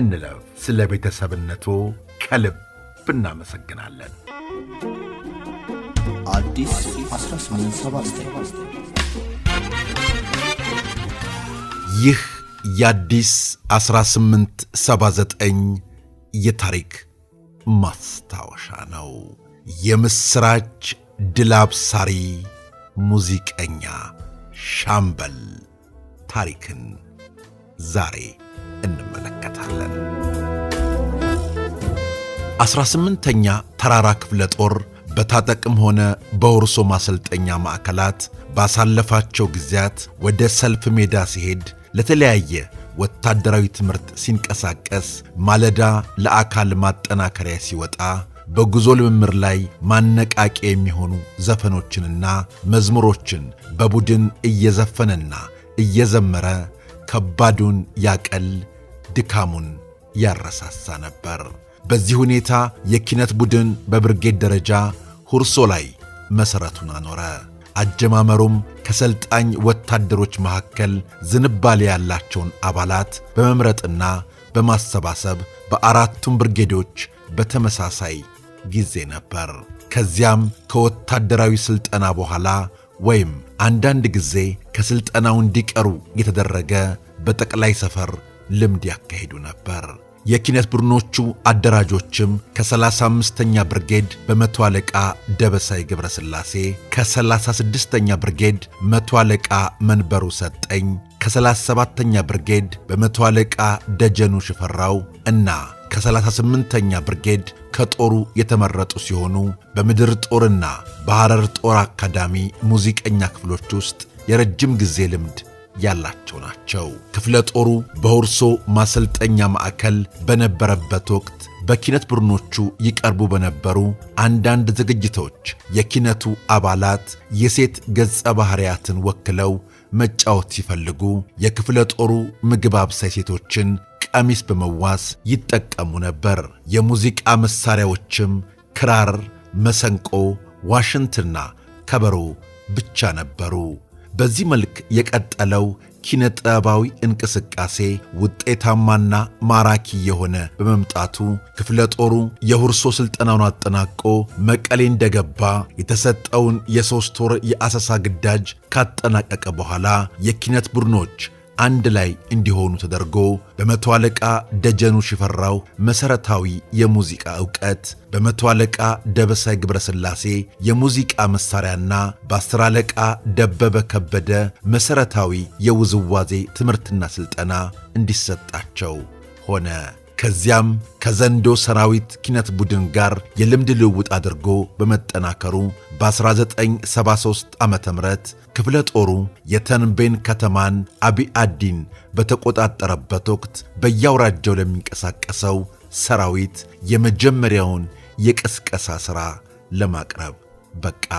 እንለፍ። ስለ ቤተሰብነቱ ከልብ እናመሰግናለን። ይህ የአዲስ 1879 የታሪክ ማስታወሻ ነው። የምሥራች ድል አብሳሪ ሙዚቀኛ ሻምበል ታሪክን ዛሬ እንመለከታለን። አስራ ስምንተኛ ተራራ ክፍለ ጦር በታጠቅም ሆነ በውርሶ ማሰልጠኛ ማዕከላት ባሳለፋቸው ጊዜያት ወደ ሰልፍ ሜዳ ሲሄድ ለተለያየ ወታደራዊ ትምህርት ሲንቀሳቀስ ማለዳ ለአካል ማጠናከሪያ ሲወጣ በጉዞ ልምምር ላይ ማነቃቂ የሚሆኑ ዘፈኖችንና መዝሙሮችን በቡድን እየዘፈነና እየዘመረ ከባዱን ያቀል ድካሙን ያረሳሳ ነበር። በዚህ ሁኔታ የኪነት ቡድን በብርጌድ ደረጃ ሁርሶ ላይ መሠረቱን አኖረ። አጀማመሩም ከሰልጣኝ ወታደሮች መካከል ዝንባሌ ያላቸውን አባላት በመምረጥና በማሰባሰብ በአራቱም ብርጌዶች በተመሳሳይ ጊዜ ነበር። ከዚያም ከወታደራዊ ሥልጠና በኋላ ወይም አንዳንድ ጊዜ ከሥልጠናው እንዲቀሩ የተደረገ በጠቅላይ ሰፈር ልምድ ያካሂዱ ነበር። የኪነት ቡድኖቹ አደራጆችም ከ35ኛ ብርጌድ በመቶ አለቃ ደበሳይ ገብረስላሴ፣ ከ36ኛ ብርጌድ መቶ አለቃ መንበሩ ሰጠኝ፣ ከ37ኛ ብርጌድ በመቶ አለቃ ደጀኑ ሽፈራው እና ከ38ኛ ብርጌድ ከጦሩ የተመረጡ ሲሆኑ በምድር ጦርና በሐረር ጦር አካዳሚ ሙዚቀኛ ክፍሎች ውስጥ የረጅም ጊዜ ልምድ ያላቸው ናቸው። ክፍለ ጦሩ በውርሶ ማሰልጠኛ ማዕከል በነበረበት ወቅት በኪነት ቡድኖቹ ይቀርቡ በነበሩ አንዳንድ ዝግጅቶች የኪነቱ አባላት የሴት ገጸ ባህሪያትን ወክለው መጫወት ሲፈልጉ የክፍለ ጦሩ ምግብ አብሳይ ሴቶችን ቀሚስ በመዋስ ይጠቀሙ ነበር። የሙዚቃ መሳሪያዎችም ክራር፣ መሰንቆ፣ ዋሽንትና ከበሮ ብቻ ነበሩ። በዚህ መልክ የቀጠለው ኪነጠባዊ እንቅስቃሴ ውጤታማና ማራኪ የሆነ በመምጣቱ ክፍለ ጦሩ የሁርሶ ሥልጠናውን አጠናቆ መቀሌ እንደገባ የተሰጠውን የሦስት ወር የአሰሳ ግዳጅ ካጠናቀቀ በኋላ የኪነት ቡድኖች አንድ ላይ እንዲሆኑ ተደርጎ በመቶ አለቃ ደጀኑ ሽፈራው መሠረታዊ የሙዚቃ ዕውቀት በመቶ አለቃ ደበሳይ ግብረስላሴ የሙዚቃ መሣሪያና በአስር አለቃ ደበበ ከበደ መሠረታዊ የውዝዋዜ ትምህርትና ሥልጠና እንዲሰጣቸው ሆነ። ከዚያም ከዘንዶ ሰራዊት ኪነት ቡድን ጋር የልምድ ልውውጥ አድርጎ በመጠናከሩ በ1973 ዓ ም ክፍለ ጦሩ የተንቤን ከተማን አዲን በተቆጣጠረበት ወቅት በያውራጃው ለሚንቀሳቀሰው ሰራዊት የመጀመሪያውን የቀስቀሳ ሥራ ለማቅረብ በቃ።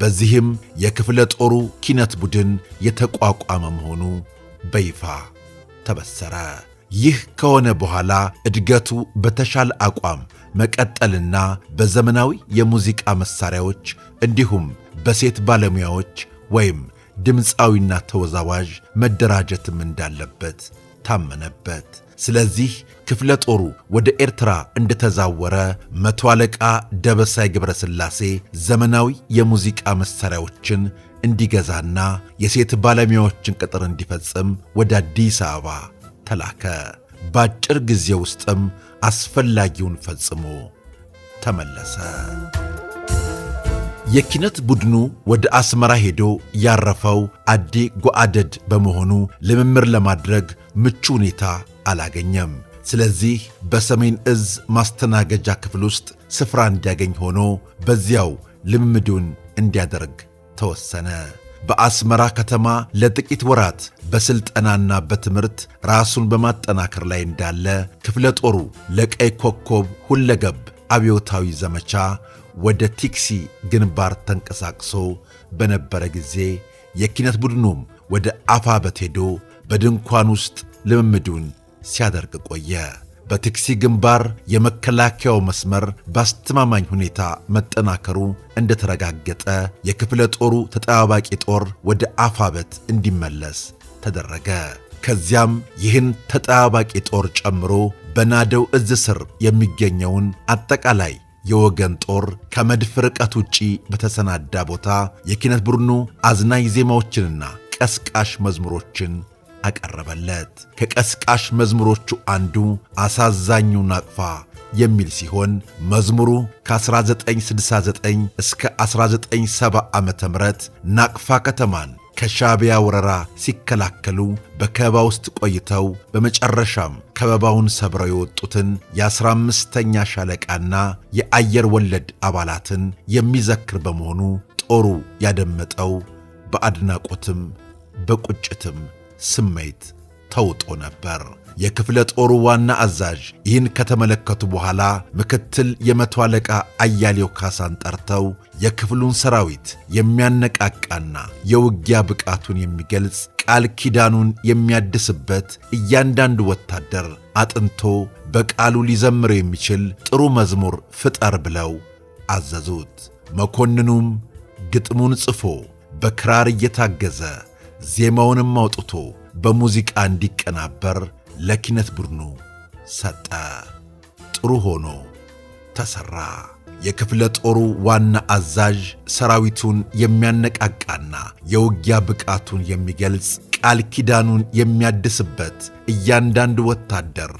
በዚህም የክፍለ ጦሩ ኪነት ቡድን የተቋቋመ መሆኑ በይፋ ተበሰረ። ይህ ከሆነ በኋላ እድገቱ በተሻለ አቋም መቀጠልና በዘመናዊ የሙዚቃ መሳሪያዎች እንዲሁም በሴት ባለሙያዎች ወይም ድምፃዊና ተወዛዋዥ መደራጀትም እንዳለበት ታመነበት። ስለዚህ ክፍለ ጦሩ ወደ ኤርትራ እንደተዛወረ መቶ አለቃ ደበሳይ ገብረስላሴ ዘመናዊ የሙዚቃ መሳሪያዎችን እንዲገዛና የሴት ባለሙያዎችን ቅጥር እንዲፈጽም ወደ አዲስ አበባ ተላከ። በአጭር ጊዜ ውስጥም አስፈላጊውን ፈጽሞ ተመለሰ። የኪነት ቡድኑ ወደ አስመራ ሄዶ ያረፈው አዴ ጓአደድ በመሆኑ ልምምር ለማድረግ ምቹ ሁኔታ አላገኘም። ስለዚህ በሰሜን እዝ ማስተናገጃ ክፍል ውስጥ ስፍራ እንዲያገኝ ሆኖ በዚያው ልምምዱን እንዲያደርግ ተወሰነ። በአስመራ ከተማ ለጥቂት ወራት በሥልጠናና በትምህርት ራሱን በማጠናከር ላይ እንዳለ ክፍለ ጦሩ ለቀይ ኮከብ ሁለገብ አብዮታዊ ዘመቻ ወደ ቲክሲ ግንባር ተንቀሳቅሶ በነበረ ጊዜ የኪነት ቡድኑም ወደ አፋበት ሄዶ በድንኳን ውስጥ ልምምዱን ሲያደርግ ቆየ። በትክሲ ግንባር የመከላከያው መስመር በአስተማማኝ ሁኔታ መጠናከሩ እንደተረጋገጠ የክፍለ ጦሩ ተጠባባቂ ጦር ወደ አፋበት እንዲመለስ ተደረገ። ከዚያም ይህን ተጠባባቂ ጦር ጨምሮ በናደው እዝ ስር የሚገኘውን አጠቃላይ የወገን ጦር ከመድፍ ርቀት ውጪ በተሰናዳ ቦታ የኪነት ቡድኑ አዝናኝ ዜማዎችንና ቀስቃሽ መዝሙሮችን አቀረበለት። ከቀስቃሽ መዝሙሮቹ አንዱ አሳዛኙ ናቅፋ የሚል ሲሆን መዝሙሩ ከ1969 እስከ 1970 ዓ ም ናቅፋ ከተማን ከሻቢያ ወረራ ሲከላከሉ በከበባ ውስጥ ቆይተው በመጨረሻም ከበባውን ሰብረው የወጡትን የ15ኛ ሻለቃና የአየር ወለድ አባላትን የሚዘክር በመሆኑ ጦሩ ያደመጠው በአድናቆትም በቁጭትም ስሜት ተውጦ ነበር። የክፍለ ጦሩ ዋና አዛዥ ይህን ከተመለከቱ በኋላ ምክትል የመቶ አለቃ አያሌው ካሳን ጠርተው የክፍሉን ሰራዊት የሚያነቃቃና የውጊያ ብቃቱን የሚገልጽ ቃል ኪዳኑን የሚያድስበት እያንዳንዱ ወታደር አጥንቶ በቃሉ ሊዘምረው የሚችል ጥሩ መዝሙር ፍጠር ብለው አዘዙት። መኮንኑም ግጥሙን ጽፎ በክራር እየታገዘ ዜማውንም አውጥቶ በሙዚቃ እንዲቀናበር ለኪነት ቡድኑ ሰጠ። ጥሩ ሆኖ ተሠራ። የክፍለ ጦሩ ዋና አዛዥ ሰራዊቱን የሚያነቃቃና የውጊያ ብቃቱን የሚገልጽ ቃል ኪዳኑን የሚያድስበት እያንዳንድ ወታደር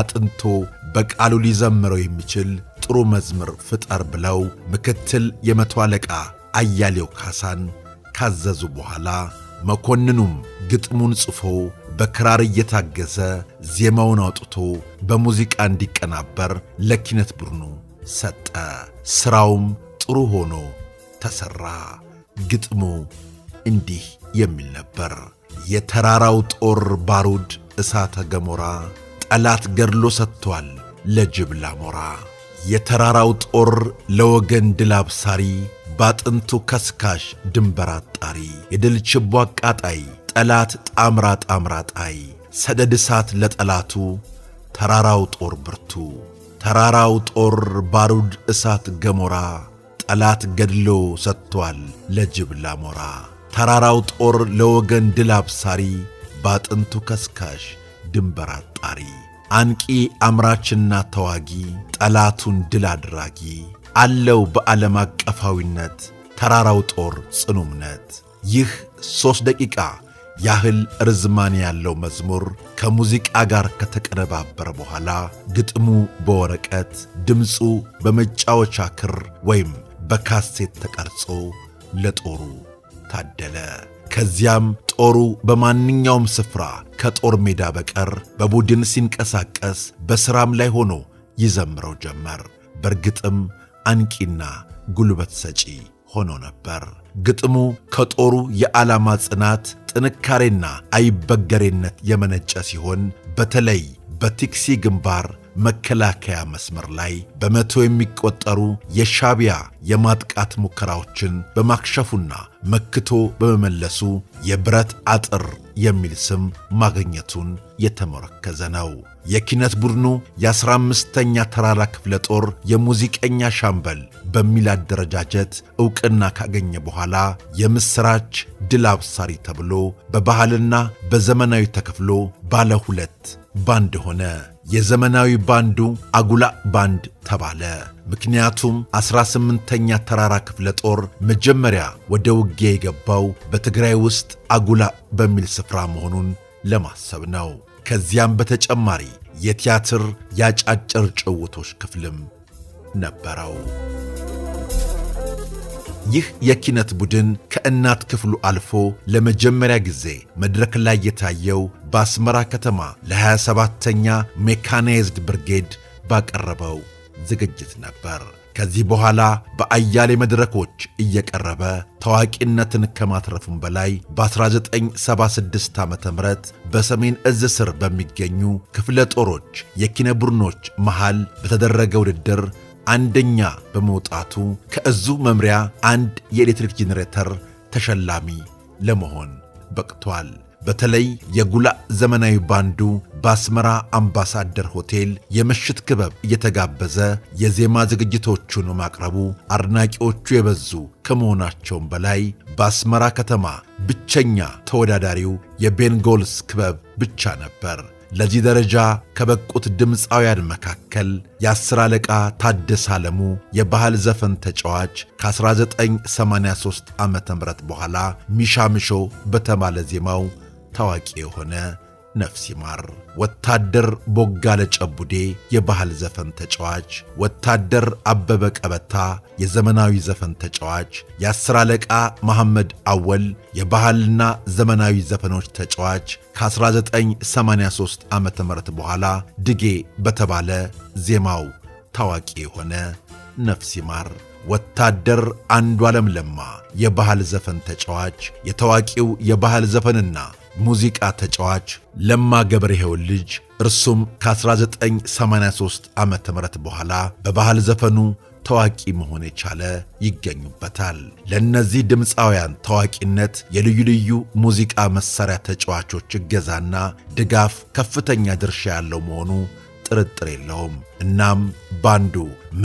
አጥንቶ በቃሉ ሊዘምረው የሚችል ጥሩ መዝምር ፍጠር ብለው ምክትል የመቶ አለቃ አያሌው ካሳን ካዘዙ በኋላ መኮንኑም ግጥሙን ጽፎ በክራር እየታገዘ ዜማውን አውጥቶ በሙዚቃ እንዲቀናበር ለኪነት ቡድኑ ሰጠ። ሥራውም ጥሩ ሆኖ ተሠራ። ግጥሙ እንዲህ የሚል ነበር። የተራራው ጦር ባሩድ እሳተ ገሞራ ጠላት ገድሎ ሰጥቷል ለጅብላ ሞራ። የተራራው ጦር ለወገን ድል አብሳሪ ባጥንቱ ከስካሽ ድንበር አጣሪ የድል ችቦ አቃጣይ ጠላት ጣምራ ጣምራ ጣይ ሰደድ እሳት ለጠላቱ ተራራው ጦር ብርቱ ተራራው ጦር ባሩድ እሳት ገሞራ ጠላት ገድሎ ሰጥቷል ለጅብ ላሞራ ተራራው ጦር ለወገን ድል አብሳሪ ባጥንቱ ከስካሽ ድንበር አጣሪ አንቂ አምራችና ተዋጊ ጠላቱን ድል አድራጊ አለው በዓለም አቀፋዊነት ተራራው ጦር ጽኑ እምነት። ይህ ሦስት ደቂቃ ያህል ርዝማኔ ያለው መዝሙር ከሙዚቃ ጋር ከተቀነባበረ በኋላ ግጥሙ በወረቀት ድምፁ በመጫወቻ ክር ወይም በካሴት ተቀርጾ ለጦሩ ታደለ። ከዚያም ጦሩ በማንኛውም ስፍራ ከጦር ሜዳ በቀር በቡድን ሲንቀሳቀስ በሥራም ላይ ሆኖ ይዘምረው ጀመር። በእርግጥም አንቂና ጉልበት ሰጪ ሆኖ ነበር። ግጥሙ ከጦሩ የዓላማ ጽናት፣ ጥንካሬና አይበገሬነት የመነጨ ሲሆን በተለይ በቲክሲ ግንባር መከላከያ መስመር ላይ በመቶ የሚቆጠሩ የሻቢያ የማጥቃት ሙከራዎችን በማክሸፉና መክቶ በመመለሱ የብረት አጥር የሚል ስም ማግኘቱን የተመረከዘ ነው። የኪነት ቡድኑ የ15ኛ ተራራ ክፍለ ጦር የሙዚቀኛ ሻምበል በሚል አደረጃጀት ዕውቅና ካገኘ በኋላ የምሥራች ድል አብሳሪ ተብሎ በባህልና በዘመናዊ ተከፍሎ ባለ ሁለት ባንድ ሆነ። የዘመናዊ ባንዱ አጉላ ባንድ ተባለ። ምክንያቱም 18ኛ ተራራ ክፍለ ጦር መጀመሪያ ወደ ውጊያ የገባው በትግራይ ውስጥ አጉላ በሚል ስፍራ መሆኑን ለማሰብ ነው። ከዚያም በተጨማሪ የቲያትር ያጫጭር ጭውቶች ክፍልም ነበረው። ይህ የኪነት ቡድን ከእናት ክፍሉ አልፎ ለመጀመሪያ ጊዜ መድረክ ላይ የታየው በአስመራ ከተማ ለ27ተኛ ሜካናይዝድ ብርጌድ ባቀረበው ዝግጅት ነበር። ከዚህ በኋላ በአያሌ መድረኮች እየቀረበ ታዋቂነትን ከማትረፉም በላይ በ1976 ዓ ም በሰሜን እዝ ስር በሚገኙ ክፍለ ጦሮች የኪነ ቡድኖች መሃል በተደረገ ውድድር አንደኛ በመውጣቱ ከእዙ መምሪያ አንድ የኤሌክትሪክ ጄኔሬተር ተሸላሚ ለመሆን በቅቷል። በተለይ የጉላ ዘመናዊ ባንዱ በአስመራ አምባሳደር ሆቴል የምሽት ክበብ እየተጋበዘ የዜማ ዝግጅቶቹን ማቅረቡ አድናቂዎቹ የበዙ ከመሆናቸውም በላይ በአስመራ ከተማ ብቸኛ ተወዳዳሪው የቤንጎልስ ክበብ ብቻ ነበር። ለዚህ ደረጃ ከበቁት ድምፃውያን መካከል የአስር አለቃ ታደሰ አለሙ የባህል ዘፈን ተጫዋች ከ1983 ዓ ም በኋላ ሚሻምሾ በተባለ ዜማው ታዋቂ የሆነ ነፍስ ይማር። ወታደር ቦጋለ ጨቡዴ የባህል ዘፈን ተጫዋች፣ ወታደር አበበ ቀበታ የዘመናዊ ዘፈን ተጫዋች፣ የአስር አለቃ መሐመድ አወል የባህልና ዘመናዊ ዘፈኖች ተጫዋች ከ1983 ዓ ም በኋላ ድጌ በተባለ ዜማው ታዋቂ የሆነ ነፍስ ይማር። ወታደር አንዱ ዓለም ለማ የባህል ዘፈን ተጫዋች፣ የታዋቂው የባህል ዘፈንና ሙዚቃ ተጫዋች ለማ ገብረሕይወት ልጅ እርሱም ከ1983 ዓ ም በኋላ በባህል ዘፈኑ ታዋቂ መሆን የቻለ ይገኙበታል። ለእነዚህ ድምፃውያን ታዋቂነት የልዩ ልዩ ሙዚቃ መሣሪያ ተጫዋቾች እገዛና ድጋፍ ከፍተኛ ድርሻ ያለው መሆኑ ጥርጥር የለውም። እናም ባንዱ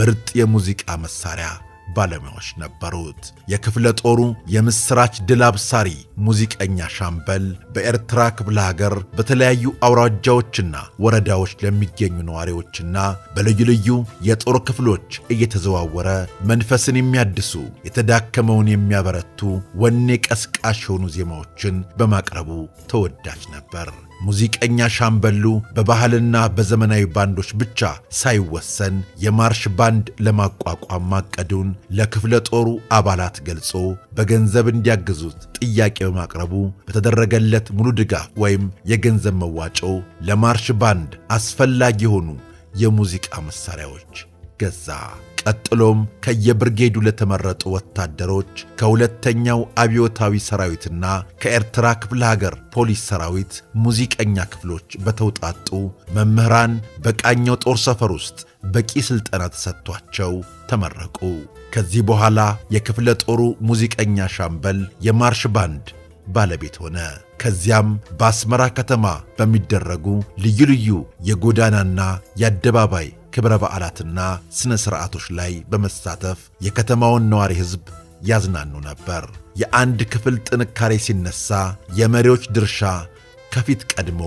ምርጥ የሙዚቃ መሣሪያ ባለሙያዎች ነበሩት። የክፍለ ጦሩ የምስራች ድል አብሳሪ ሙዚቀኛ ሻምበል በኤርትራ ክፍለ ሀገር በተለያዩ አውራጃዎችና ወረዳዎች ለሚገኙ ነዋሪዎችና በልዩ ልዩ የጦር ክፍሎች እየተዘዋወረ መንፈስን የሚያድሱ የተዳከመውን የሚያበረቱ ወኔ ቀስቃሽ የሆኑ ዜማዎችን በማቅረቡ ተወዳጅ ነበር። ሙዚቀኛ ሻምበሉ በባህልና በዘመናዊ ባንዶች ብቻ ሳይወሰን የማርሽ ባንድ ለማቋቋም ማቀዱን ለክፍለ ጦሩ አባላት ገልጾ በገንዘብ እንዲያግዙት ጥያቄ በማቅረቡ በተደረገለት ሙሉ ድጋፍ ወይም የገንዘብ መዋጮ ለማርሽ ባንድ አስፈላጊ የሆኑ የሙዚቃ መሳሪያዎች ገዛ። ቀጥሎም ከየብርጌዱ ለተመረጡ ወታደሮች ከሁለተኛው አብዮታዊ ሰራዊትና ከኤርትራ ክፍለ ሀገር ፖሊስ ሰራዊት ሙዚቀኛ ክፍሎች በተውጣጡ መምህራን በቃኘው ጦር ሰፈር ውስጥ በቂ ሥልጠና ተሰጥቷቸው ተመረቁ። ከዚህ በኋላ የክፍለ ጦሩ ሙዚቀኛ ሻምበል የማርሽ ባንድ ባለቤት ሆነ። ከዚያም በአስመራ ከተማ በሚደረጉ ልዩ ልዩ የጎዳናና የአደባባይ ክብረ በዓላትና ሥነ ሥርዓቶች ላይ በመሳተፍ የከተማውን ነዋሪ ሕዝብ ያዝናኑ ነበር። የአንድ ክፍል ጥንካሬ ሲነሳ የመሪዎች ድርሻ ከፊት ቀድሞ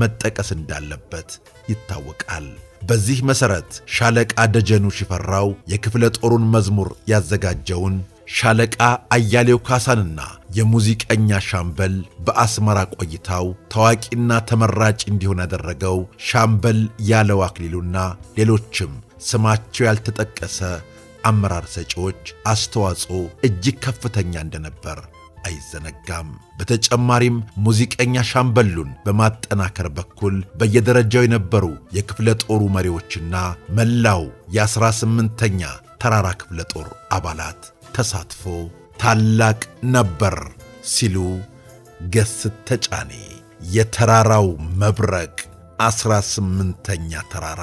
መጠቀስ እንዳለበት ይታወቃል። በዚህ መሠረት ሻለቃ ደጀኑ ሽፈራው የክፍለ ጦሩን መዝሙር ያዘጋጀውን ሻለቃ አያሌው ካሳንና የሙዚቀኛ ሻምበል በአስመራ ቆይታው ታዋቂና ተመራጭ እንዲሆን ያደረገው ሻምበል ያለው አክሊሉና ሌሎችም ስማቸው ያልተጠቀሰ አመራር ሰጪዎች አስተዋጽኦ እጅግ ከፍተኛ እንደነበር አይዘነጋም። በተጨማሪም ሙዚቀኛ ሻምበሉን በማጠናከር በኩል በየደረጃው የነበሩ የክፍለ ጦሩ መሪዎችና መላው የ18ኛ። ተራራ ክፍለ ጦር አባላት ተሳትፎ ታላቅ ነበር ሲሉ ገስት ተጫኔ የተራራው መብረቅ ዐሥራ ስምንተኛ ተራራ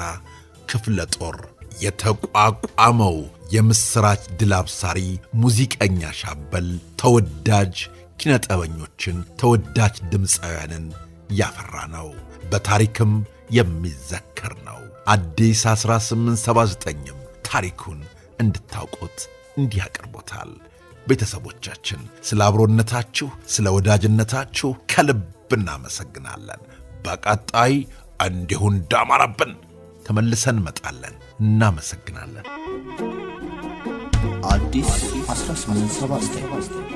ክፍለ ጦር የተቋቋመው የምሥራች ድል አብሳሪ ሙዚቀኛ ሻበል ተወዳጅ ኪነጠበኞችን ተወዳጅ ድምፃውያንን ያፈራ ነው። በታሪክም የሚዘከር ነው። አዲስ 1879ም ታሪኩን እንድታውቁት እንዲያቀርቦታል። ቤተሰቦቻችን ስለ አብሮነታችሁ፣ ስለ ወዳጅነታችሁ ከልብ እናመሰግናለን። በቀጣይ እንዲሁ እንዳማረብን ተመልሰን እንመጣለን። እናመሰግናለን። አዲስ 1879